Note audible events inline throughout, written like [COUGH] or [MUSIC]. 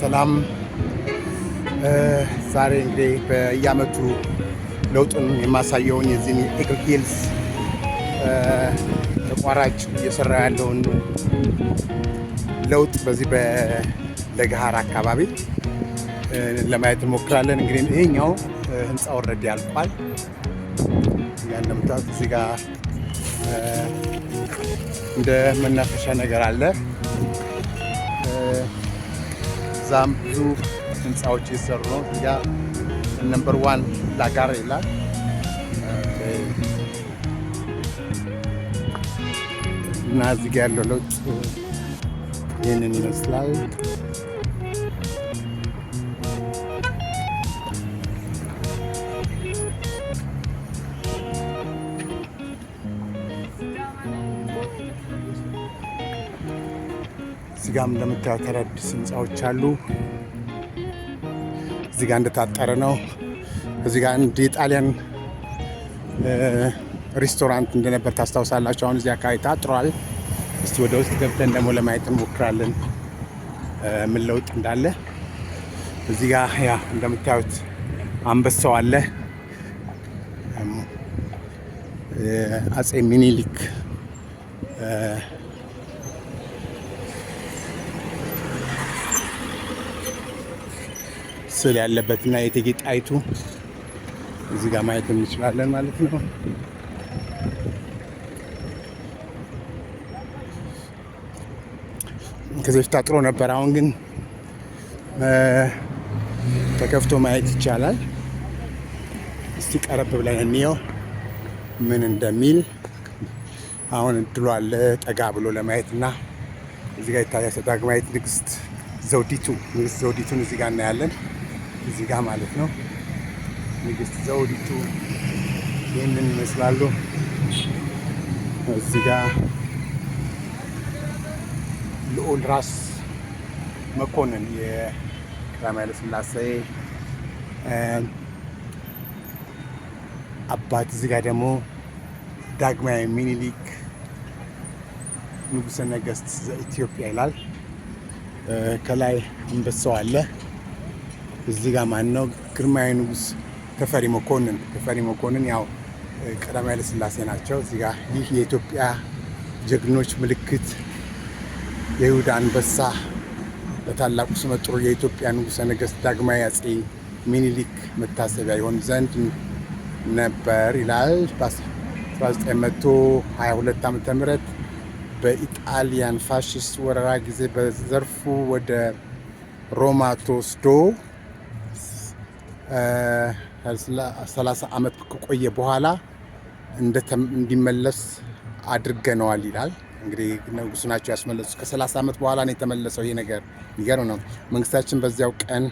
ሰላም። ዛሬ እንግዲህ በየአመቱ ለውጡን የማሳየውን የዚህን ኤግሪ ሂልስ ተቋራጭ እየሰራ ያለውን ለውጥ በዚህ በለገሃር አካባቢ ለማየት እንሞክራለን። እንግዲህ ይሄኛው ህንፃ ወረድ ያልቋል። እንደምታዩት እዚህ ጋር እንደ መናፈሻ ነገር አለ። እዛም ብዙ ህንፃዎች እየሰሩ ነው። እኛ ነምበር ዋን ላጋር ይላል። እና እዚጋ ያለው ለውጥ ይህንን ይመስላል። እዚህ ጋም እንደምታዩት አዳዲስ ህንፃዎች አሉ። እዚህ ጋር እንደታጠረ ነው። እዚህ ጋር እንደ ጣሊያን ሬስቶራንት እንደነበር ታስታውሳላችሁ። አሁን እዚህ አካባቢ ታጥሯል። እስቲ ወደ ውስጥ ገብተን ደግሞ ለማየት እንሞክራለን ምን ለውጥ እንዳለ። እዚህ ጋር ያ እንደምታዩት አንበሳው አለ። አፄ ሚኒሊክ ስዕል ያለበትና የእቴጌ ጣይቱ እዚህ ጋር ማየት እንችላለን ማለት ነው። ከዚህ በፊት አጥሮ ነበር። አሁን ግን ተከፍቶ ማየት ይቻላል። እስቲ ቀረብ ብለን እንየው ምን እንደሚል። አሁን እድሉ አለ ጠጋ ብሎ ለማየት እና እዚህ ጋር ይታያል። ዳግማዊት ንግስት ዘውዲቱ ንግስት ዘውዲቱን እዚህ ጋር እናያለን። እዚህ ጋር ማለት ነው። ንግስት ዘውዲቱ ይህንን ይመስላሉ። እዚህ ጋር ልዑል ራስ መኮንን የቀዳማዊ ኃይለ ሥላሴ አባት። እዚህ ጋር ደግሞ ዳግማዊ ሚኒሊክ ንጉሰ ነገስት ዘኢትዮጵያ ይላል። ከላይ አንበሳው አለ። እዚህ ጋር ማን ነው? ግርማዊ ንጉስ ተፈሪ መኮንን። ተፈሪ መኮንን ያው ቀዳማዊ ኃይለ ሥላሴ ናቸው። እዚህ ጋር ይህ የኢትዮጵያ ጀግኖች ምልክት የይሁዳ አንበሳ በታላቁ ስመጥሩ የኢትዮጵያ ንጉሠ ነገሥት ዳግማዊ አጼ ሚኒሊክ መታሰቢያ ይሆን ዘንድ ነበር ይላል። በ1922 ዓ ም በኢጣሊያን ፋሽስት ወረራ ጊዜ በዘርፉ ወደ ሮማ ተወስዶ ሰላሳ ዓመት ከቆየ በኋላ እንዲመለስ አድርገነዋል ይላል። እንግዲህ ንጉሱ ናቸው ያስመለሱ ከ ከ30 ዓመት በኋላ ነው የተመለሰው። ይሄ ነገር የሚገርም ነው። መንግስታችን በዚያው ቀን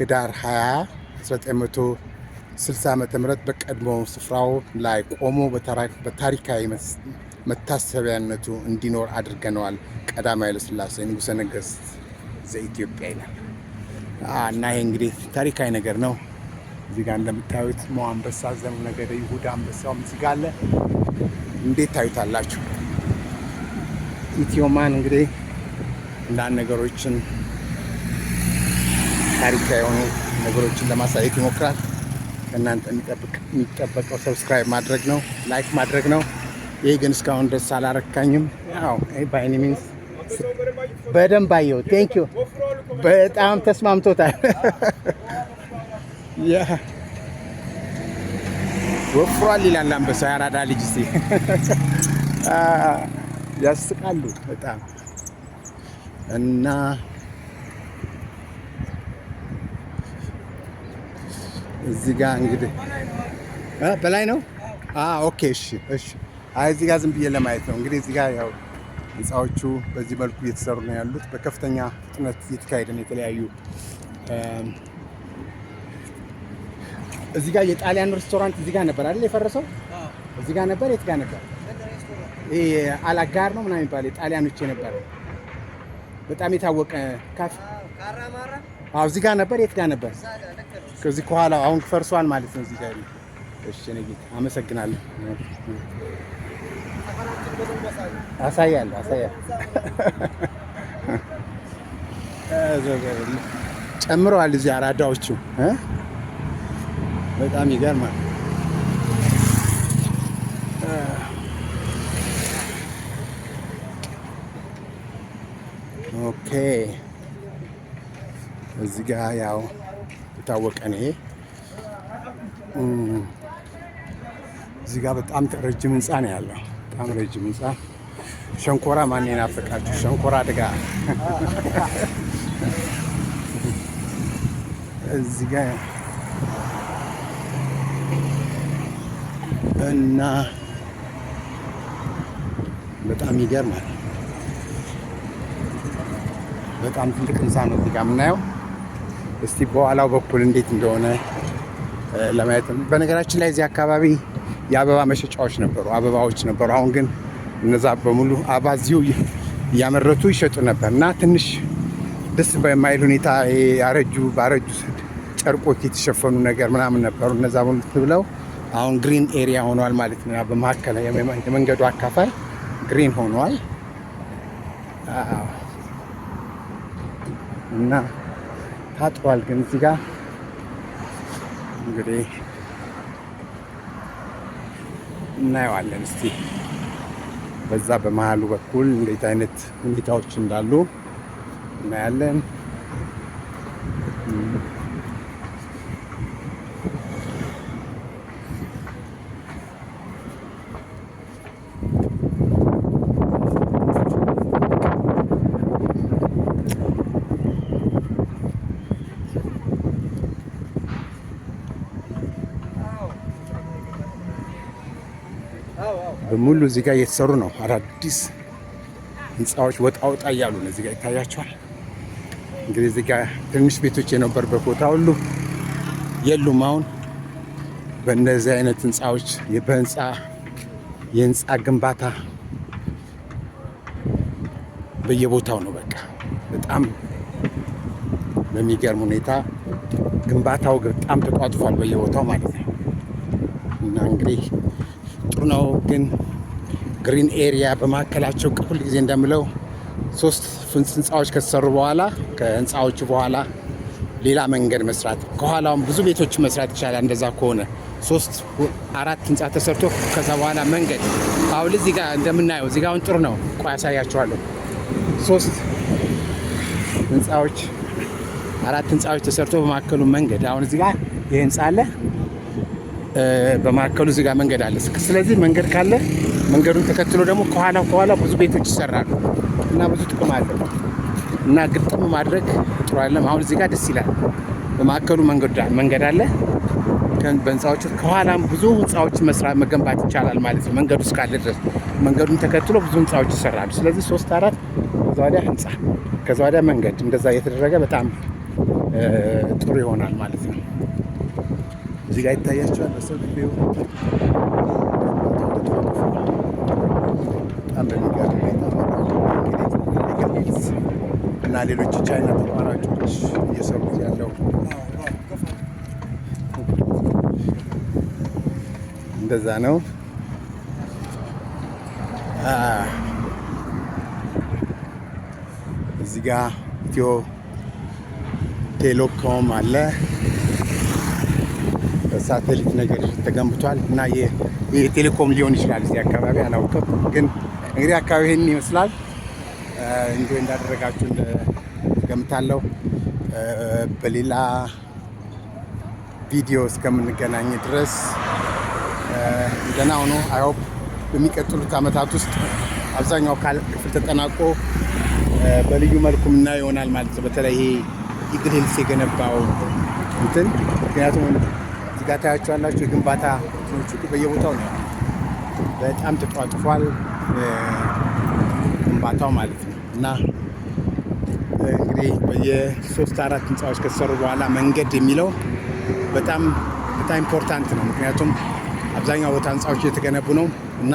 ህዳር 20 1960 ዓ ም በቀድሞ ስፍራው ላይ ቆሞ በታሪካዊ መታሰቢያነቱ እንዲኖር አድርገነዋል። ቀዳማዊ ኃይለሥላሴ ንጉሠ ነገሥት ዘኢትዮጵያ ይላል እና ይሄ እንግዲህ ታሪካዊ ነገር ነው። እዚህ ጋር እንደምታዩት ሞ አንበሳ ዘመነገደ ይሁዳ አንበሳውም እዚህ ጋር አለ። እንዴት ታዩታላችሁ? ኢትዮማን እንግዲህ አንዳንድ ነገሮችን ታሪካዊ የሆኑ ነገሮችን ለማሳየት ይሞክራል። ከእናንተ የሚጠበቀው ሰብስክራይብ ማድረግ ነው፣ ላይክ ማድረግ ነው። ይሄ ግን እስካሁን ደስ አላረካኝም። ያው ሚንስ በደንብ አየሁ። ቴንክ ዩ በጣም ተስማምቶታል። [LAUGHS] ወፍሯል ይላል አንበሳ። ያራዳ ልጅ ሲ [LAUGHS] ያስቃሉ በጣም እና እዚህ ጋር እንግዲህ በላይ ነው። ኦኬ እሺ፣ እሺ። አይ እዚህ ጋር ዝም ብዬ ለማየት ነው። እንግዲህ እዚህ ጋር ያው ህንፃዎቹ በዚህ መልኩ እየተሰሩ ነው ያሉት። በከፍተኛ ፍጥነት እየተካሄደ ነው የተለያዩ እዚህ ጋር የጣሊያን ሬስቶራንት እዚህ ጋር ነበር አይደል የፈረሰው? እዚህ ጋር ነበር። የት ጋር ነበር? ይሄ አላጋር ነው ምናምን የሚባለው የጣሊያኖች ነበር። በጣም የታወቀ ካፌ አዎ፣ እዚህ ጋር ነበር። የት ጋር ነበር? ከዚህ ከኋላ አሁን ፈርሷል ማለት ነው። እዚህ ጋር እሺ፣ ነው። አመሰግናለሁ። አሳያለሁ፣ አሳያለሁ። ጨምረዋል እዚህ አራዳዎቹ እ በጣም ይገርማል። ኦኬ እዚህ ጋ ያው የታወቀ ነው። ይሄ እዚህ ጋ በጣም ረጅም ህንፃ ነው ያለው። በጣም ረጅም ህንፃ ሸንኮራ ማን ናፈቃችሁ? ሸንኮራ አድጋ [LAUGHS] እዚህ ጋ እና በጣም ይገርማል። በጣም ትልቅ ህንፃ ነው እዚህ ጋ የምናየው። እስቲ በኋላው በኩል እንዴት እንደሆነ ለማየት በነገራችን ላይ እዚህ አካባቢ የአበባ መሸጫዎች ነበሩ፣ አበባዎች ነበሩ። አሁን ግን እነዛ በሙሉ አበባ እዚሁ እያመረቱ ይሸጡ ነበር እና ትንሽ ደስ በማይል ሁኔታ ያረጁ ባረጁ ጨርቆች የተሸፈኑ ነገር ምናምን ነበሩ። እነዛ ሙሉ ብለው አሁን ግሪን ኤሪያ ሆኗል ማለት ነው። በመካከል የመንገዱ አካፋይ ግሪን ሆኗል እና ታጥሯል። ግን እዚህ ጋር እንግዲህ እናየዋለን እስቲ በዛ በመሀሉ በኩል እንዴት አይነት ሁኔታዎች እንዳሉ እናያለን። በሙሉ እዚህ ጋር እየተሰሩ ነው። አዳዲስ ህንፃዎች ወጣ ወጣ እያሉ ነው። እዚህ ጋር ይታያቸዋል። እንግዲህ እዚህ ጋር ትንሽ ቤቶች የነበርበት ቦታ ሁሉ የሉም። አሁን በእነዚህ አይነት ህንፃዎች በህንፃ የህንፃ ግንባታ በየቦታው ነው። በቃ በጣም በሚገርም ሁኔታ ግንባታው በጣም ተቋጥፏል፣ በየቦታው ማለት ነው። እና እንግዲህ ጥሩ ነው ግን ግሪን ኤሪያ በማዕከላቸው ሁል ጊዜ እንደምለው ሶስት ህንፃዎች ከተሰሩ በኋላ ከህንፃዎቹ በኋላ ሌላ መንገድ መስራት ከኋላውም ብዙ ቤቶች መስራት ይቻላል። እንደዛ ከሆነ ሶስት አራት ህንፃ ተሰርቶ ከዛ በኋላ መንገድ አሁን እዚህ ጋር እንደምናየው እዚህ ጋር ጥሩ ነው። ቆይ ያሳያችኋለሁ። ሶስት ህንፃዎች አራት ህንፃዎች ተሰርቶ በማከሉ መንገድ አሁን እዚህ ጋር ይህ ህንፃ አለ፣ በማከሉ እዚህ ጋር መንገድ አለ። ስለዚህ መንገድ ካለ መንገዱን ተከትሎ ደግሞ ከኋላ ከኋላ ብዙ ቤቶች ይሰራሉ እና ብዙ ጥቅም አለው እና ግጥም ማድረግ ጥሩ አይደለም። አሁን እዚህ ጋር ደስ ይላል። በማዕከሉ መንገድ አለ። በህንፃዎች ከኋላም ብዙ ህንፃዎች መስራት መገንባት ይቻላል ማለት ነው። መንገዱ እስካለ ድረስ መንገዱን ተከትሎ ብዙ ህንፃዎች ይሰራሉ። ስለዚህ ሶስት አራት ከዛ ወዲያ ህንፃ ከዛ ወዲያ መንገድ እንደዛ እየተደረገ በጣም ጥሩ ይሆናል ማለት ነው። እዚህ ጋር ይታያቸዋል በሰው በጣም በሚገርም ሁኔታ እና ሌሎች ቻይና ተቋራጮች እየሰሩት ያለው እንደዛ ነው። እዚህ ጋ ኢትዮ ቴሌኮም አለ። በሳተሊት ነገር ተገንብቷል እና የቴሌኮም ሊሆን ይችላል እዚህ አካባቢ አላውቅም ግን እንግዲህ አካባቢ ይህን ይመስላል። እንዲ እንዳደረጋችሁ ገምታለሁ። በሌላ ቪዲዮ እስከምንገናኝ ድረስ ደህና ሁኑ። አይሆፕ በሚቀጥሉት ዓመታት ውስጥ አብዛኛው ክፍል ተጠናቆ በልዩ መልኩ ምና ይሆናል ማለት ነው። በተለይ ይሄ ኢግል ሂልስ የገነባው እንትን ምክንያቱም እዚህ ታያቸዋላችሁ የግንባታ እንትኖቹ በየቦታው ነው። በጣም ተጧጥፏል። ግንባታው ማለት ነው እና እንግዲህ በየሶስት አራት ህንፃዎች ከተሰሩ በኋላ መንገድ የሚለው በጣም በጣም ኢምፖርታንት ነው። ምክንያቱም አብዛኛው ቦታ ህንፃዎች እየተገነቡ ነው እና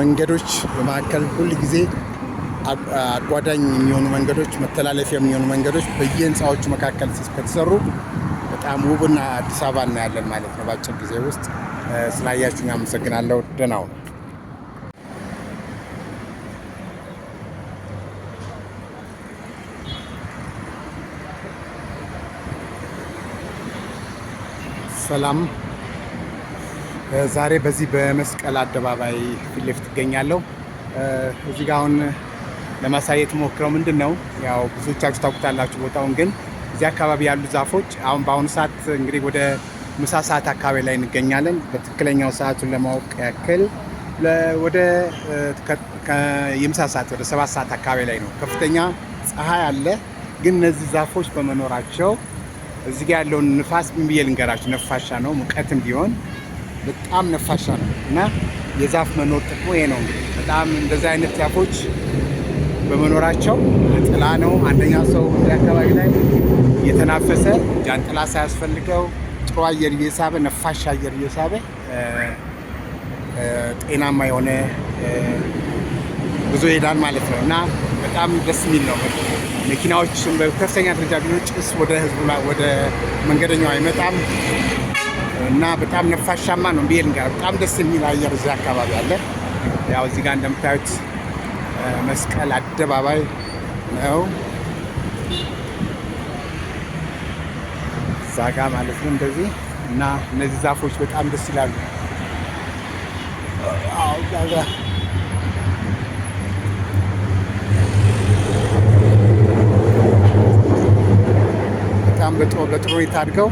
መንገዶች በመካከል ሁል ጊዜ አጓዳኝ የሚሆኑ መንገዶች፣ መተላለፊያ የሚሆኑ መንገዶች በየህንፃዎቹ መካከል ከተሰሩ በጣም ውብና አዲስ አበባ እናያለን ማለት ነው በአጭር ጊዜ ውስጥ። ስላያችሁ አመሰግናለሁ። ደህና ሁኑ። ሰላም። ዛሬ በዚህ በመስቀል አደባባይ ፊት ለፊት እገኛለሁ። እዚህ ጋር አሁን ለማሳየት ሞክረው ምንድን ነው ያው ብዙዎቻችሁ ታውቁታላችሁ ቦታውን፣ ግን እዚህ አካባቢ ያሉ ዛፎች አሁን በአሁኑ ሰዓት እንግዲህ ወደ ምሳ ሰዓት አካባቢ ላይ እንገኛለን። በትክክለኛው ሰዓቱን ለማወቅ ያክል ወደ የምሳ ሰዓት ወደ ሰባት ሰዓት አካባቢ ላይ ነው። ከፍተኛ ፀሐይ አለ፣ ግን እነዚህ ዛፎች በመኖራቸው እዚህ ጋር ያለውን ንፋስ ምን ብዬ ልንገራችሁ? ነፋሻ ነው፣ ሙቀትም ቢሆን በጣም ነፋሻ ነው እና የዛፍ መኖር ጥቅሙ ይሄ ነው። በጣም እንደዚህ አይነት ዛፎች በመኖራቸው ጥላ ነው። አንደኛ ሰው እዚህ አካባቢ ላይ እየተናፈሰ ጃንጥላ ሳያስፈልገው ጥሩ አየር እየሳበ ነፋሻ አየር እየሳበ ጤናማ የሆነ ብዙ ይሄዳል ማለት ነው እና በጣም ደስ የሚል ነው። መኪናዎች በከፍተኛ ደረጃ ቢሆን ጭስ ወደ ህዝቡ ወደ መንገደኛው አይመጣም እና በጣም ነፋሻማ ነው። ብሄድ ጋር በጣም ደስ የሚል አየር እዚህ አካባቢ አለ። ያው እዚህ ጋር እንደምታዩት መስቀል አደባባይ ነው እዛ ጋ ማለት ነው እንደዚህ እና እነዚህ ዛፎች በጣም ደስ ይላሉ። በጥሩ ሁኔታ አድገው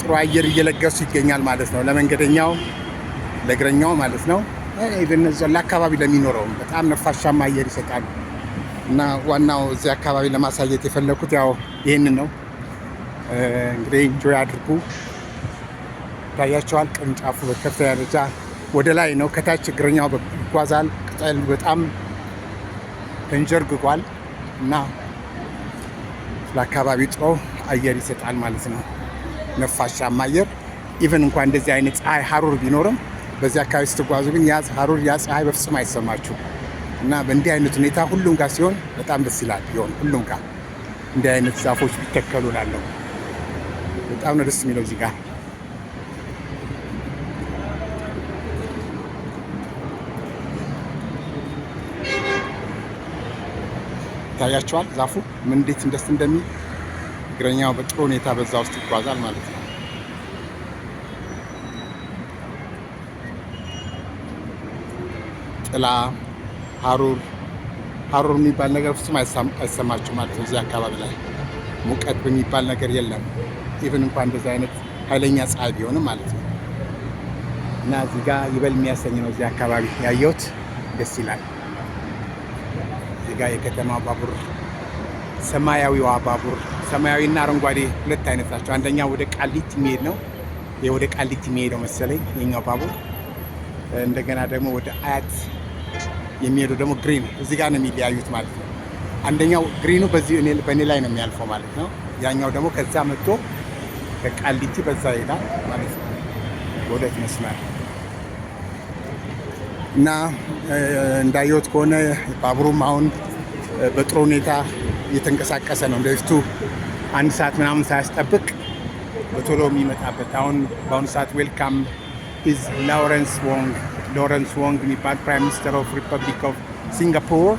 ጥሩ አየር እየለገሱ ይገኛል ማለት ነው። ለመንገደኛው ለእግረኛው ማለት ነው። ለአካባቢ ለሚኖረውም በጣም ነፋሻማ አየር ይሰጣሉ እና ዋናው እዚህ አካባቢ ለማሳየት የፈለኩት ያው ይህንን ነው። እንግዲህ ኢንጆይ አድርጉ። ታያቸዋል። ቅርንጫፉ በከፍተኛ ደረጃ ወደ ላይ ነው። ከታች እግረኛው ይጓዛል። ቅጠሉ በጣም ተንጀርግጓል እና ለአካባቢው ጥሩ አየር ይሰጣል ማለት ነው። ነፋሻማ አየር ኢቨን እንኳ እንደዚህ አይነት ፀሐይ ሀሩር ቢኖርም በዚህ አካባቢ ስትጓዙ ግን ያ ሀሩር ያ ፀሐይ በፍጹም አይሰማችሁ እና በእንዲህ አይነት ሁኔታ ሁሉም ጋር ሲሆን በጣም ደስ ይላል። ቢሆን ሁሉም ጋር እንዲህ አይነት ዛፎች ቢተከሉ ላለው በጣም ነው ደስ የሚለው እዚህ ጋር ይታያቸዋል። ዛፉ ምን እንዴት እንደስ እንደሚል እግረኛው በጥሩ ሁኔታ በዛ ውስጥ ይጓዛል ማለት ነው። ጥላ ሀሩር ሀሩር የሚባል ነገር ፍጹም አይሰማችሁ ማለት ነው። እዚህ አካባቢ ላይ ሙቀት በሚባል ነገር የለም። ኢቭን እንኳን እንደዚህ አይነት ኃይለኛ ፀሐይ ቢሆንም ማለት ነው እና እዚህ ጋር ይበል የሚያሰኝ ነው። እዚህ አካባቢ ያየሁት ደስ ይላል። ጋ የከተማ ባቡር ሰማያዊዋ ባቡር ሰማያዊና አረንጓዴ ሁለት አይነት ናቸው። አንደኛ ወደ ቃሊት የሚሄድ ነው። ወደ ቃሊት የሚሄደው መሰለኝ የኛው ባቡር። እንደገና ደግሞ ወደ አያት የሚሄዱ ደግሞ ግሪን እዚህ ጋር ነው የሚለያዩት ማለት ነው። አንደኛው ግሪኑ በዚህ በእኔ ላይ ነው የሚያልፈው ማለት ነው። ያኛው ደግሞ ከዛ መጥቶ ከቃሊቲ በዛ ይሄዳል ማለት ነው። በሁለት መስመር እና እንዳየሁት ከሆነ ባቡሩም አሁን በጥሩ ሁኔታ እየተንቀሳቀሰ ነው። እንደፊቱ አንድ ሰዓት ምናምን ሳያስጠብቅ በቶሎ የሚመጣበት አሁን በአሁኑ ሰዓት ዌልካም ኢዝ ላውረንስ ዎንግ ሎረንስ ዎንግ የሚባል ፕራይም ሚኒስተር ኦፍ ሪፐብሊክ ኦፍ ሲንጋፖር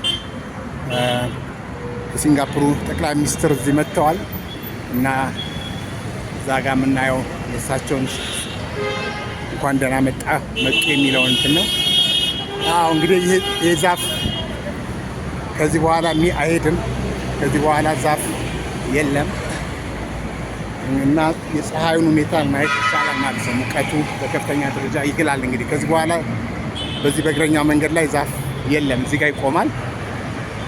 የሲንጋፖሩ ጠቅላይ ሚኒስትር እዚህ መጥተዋል እና እዛ ጋ የምናየው የእሳቸውን እንኳን ደህና መጣ መጡ የሚለውን እንትን ነው። እንግዲህ ይሄ ዛፍ ከዚህ በኋላ ሚ አይሄድም። ከዚህ በኋላ ዛፍ የለም እና የፀሐዩን ሁኔታ ማየት ይቻላል ማለት ነው። ሙቀቱ በከፍተኛ ደረጃ ይግላል። እንግዲህ ከዚህ በኋላ በዚህ በእግረኛ መንገድ ላይ ዛፍ የለም። እዚህ ጋር ይቆማል።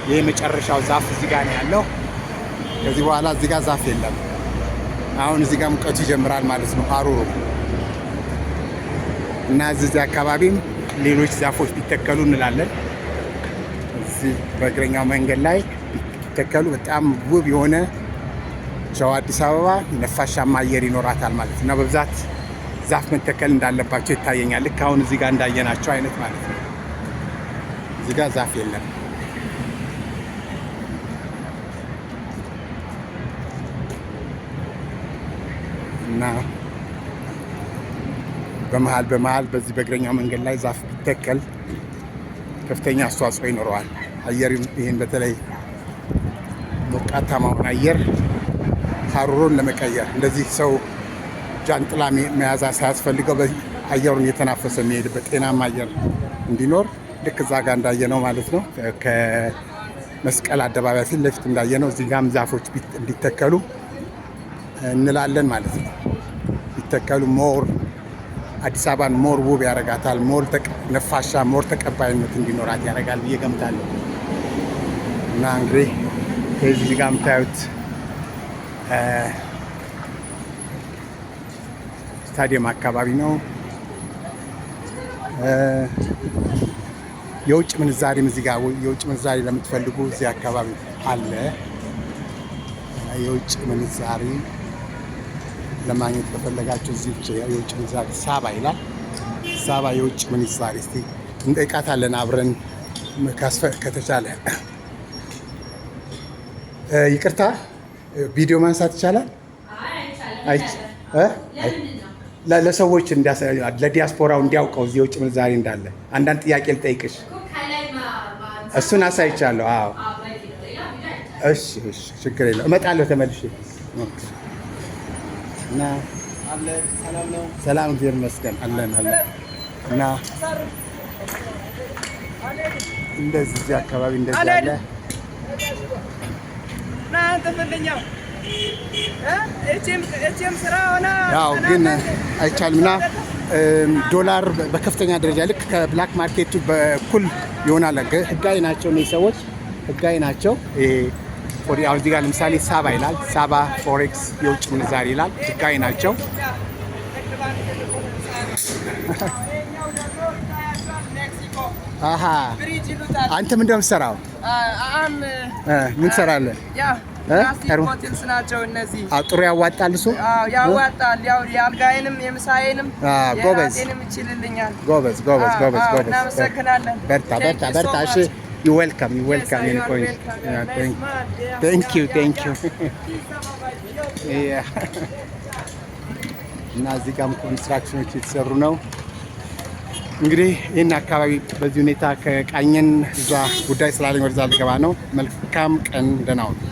ይህ የመጨረሻው ዛፍ እዚህ ጋር ነው ያለው። ከዚህ በኋላ እዚህ ጋር ዛፍ የለም። አሁን እዚህ ጋር ሙቀቱ ይጀምራል ማለት ነው ሀሩሩ እና እዚህ አካባቢም ሌሎች ዛፎች ቢተከሉ እንላለን። በዚህ በእግረኛው መንገድ ላይ ቢተከሉ በጣም ውብ የሆነ ጨዋ አዲስ አበባ ነፋሻማ አየር ይኖራታል ማለት ነው። በብዛት ዛፍ መተከል እንዳለባቸው ይታየኛል። ልክ አሁን እዚህ ጋር እንዳየናቸው አይነት ማለት ነው። እዚህ ጋር ዛፍ የለም። እና በመሀል በመሀል በዚህ በእግረኛው መንገድ ላይ ዛፍ ቢተከል ከፍተኛ አስተዋጽኦ ይኖረዋል። አየር ይህን በተለይ ሞቃታማውን አየር ሀሩሩን ለመቀየር እንደዚህ ሰው ጃንጥላ መያዛ ሳያስፈልገው አየሩን እየተናፈሰ የሚሄድበት ጤናማ አየር እንዲኖር ልክ እዛ ጋር እንዳየነው ማለት ነው። ከመስቀል አደባባይ ፊት ለፊት እንዳየነው እዚህ ጋም ዛፎች እንዲተከሉ እንላለን ማለት ነው። ቢተከሉ ሞር አዲስ አበባን ሞር ውብ ያደርጋታል። ሞር ነፋሻ፣ ሞር ተቀባይነት እንዲኖራት ያደርጋል ብዬ ገምታለሁ። እና እንግዲህ የዚህ ጋር የምታዩት ስታዲየም አካባቢ ነው። የውጭ ምንዛሬም እዚህ ጋር የውጭ ምንዛሬ ለምትፈልጉ እዚህ አካባቢ አለ። የውጭ ምንዛሬ ለማግኘት ከፈለጋችሁ እዚህ የውጭ ምንዛሬ ሳባ ይላል። ሳባ የውጭ ምንዛሬ እስኪ እንጠይቃታለን አብረን ከተቻለ ይቅርታ ቪዲዮ ማንሳት ይቻላል? ለሰዎች ለዲያስፖራው እንዲያውቀው እዚህ ውጭ ምንዛሬ እንዳለ አንዳንድ ጥያቄ ልጠይቅሽ። እሱን አሳይቻለሁ። አዎ፣ እሺ፣ እሺ፣ ችግር የለውም። እመጣለሁ ተመልሼ። እና ሰላም፣ እግዚአብሔር ይመስገን አለን አለን። እና እንደዚህ እዚህ አካባቢ እንደዚህ አለ ያው ግን አይቻልምና ዶላር በከፍተኛ ደረጃ ልክ ከብላክ ማርኬቱ በኩል ይሆናል። ህጋዊ ናቸው እነዚህ ሰዎች ህጋዊ ናቸው። አሁን እዚህ ጋር ለምሳሌ ሳባ ይላል። ሳባ ፎሬክስ የውጭ ምንዛሪ ይላል። ህጋዊ ናቸው። አንተ ምንድን ነው የምትሰራው? ምን ትሰራለህ? ጥሩ ያዋጣል። እሱ ያዋጣል። ያው የአልጋዬንም የምሳዬንም ይችልልኛል። ጎበዝ ጎበዝ ጎበዝ ጎበዝ። እናመሰግናለን። በርታ በርታ በርታ። እሺ ዌልካም ዌልካም። ቴንክ ዩ ቴንክ ዩ። እና እዚህ ጋርም ኮንስትራክሽኖች የተሰሩ ነው። እንግዲህ ይህን አካባቢ በዚህ ሁኔታ ከቃኘን እዛ ጉዳይ ስላለኝ ወደዛ ልገባ ነው። መልካም ቀን